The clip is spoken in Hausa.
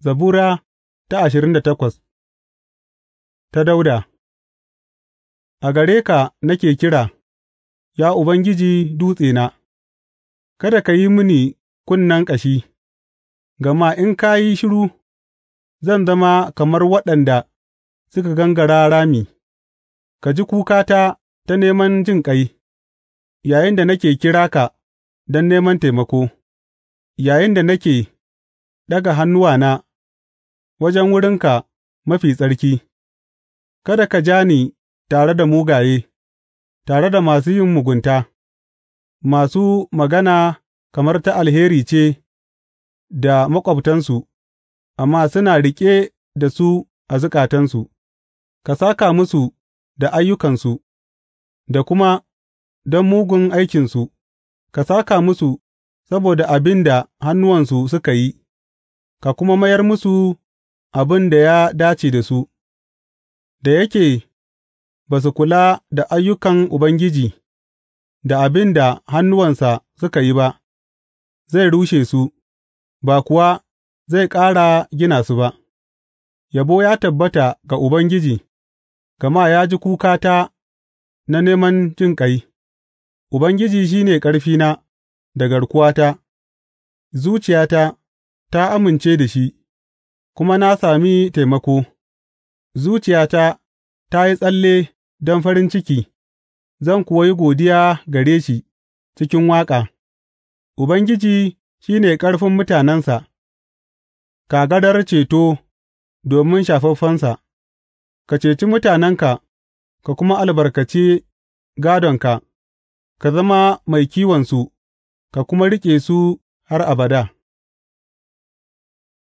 Zabura ta ashirin da takwas ta Dauda A gare ka nake kira, ya Ubangiji Dutsena; kada ka yi mini kunnen ƙashi, gama in ka yi shiru, zan zama kamar waɗanda suka gangara rami; ka ji kukata ta neman jin ƙai. yayin da nake kira ka don neman taimako, yayin da nake ɗaga hannuwana. wajen wurinka mafi tsarki; kada ka ja ni tare da mugaye, tare da masu yin mugunta, masu magana kamar ta alheri ce da maƙwabtansu, amma suna riƙe da su a zukatansu; ka saka musu da ayyukansu da kuma don mugun aikinsu, ka saka musu saboda abin da hannuwansu suka yi, ka kuma mayar musu abin da ya dace da su, da yake ba su kula da ayyukan Ubangiji da abin da hannuwansa suka yi ba, zai rushe su, ba kuwa zai ƙara gina su ba. Yabo ya tabbata ga Ubangiji, gama ya ji kukata na neman ƙai. Ubangiji shi ne ƙarfina da garkuwata, zuciyata ta amince da shi. kuma na sami taimako; zuciyata ta yi tsalle don farin ciki zan kuwa yi godiya gare shi cikin waƙa, Ubangiji shi ne ƙarfin mutanensa, kagarar ceto domin shafaffensa; ka ceci mutanenka ka kuma albarkace gādonka, ka zama mai kiwonsu ka kuma riƙe su har abada.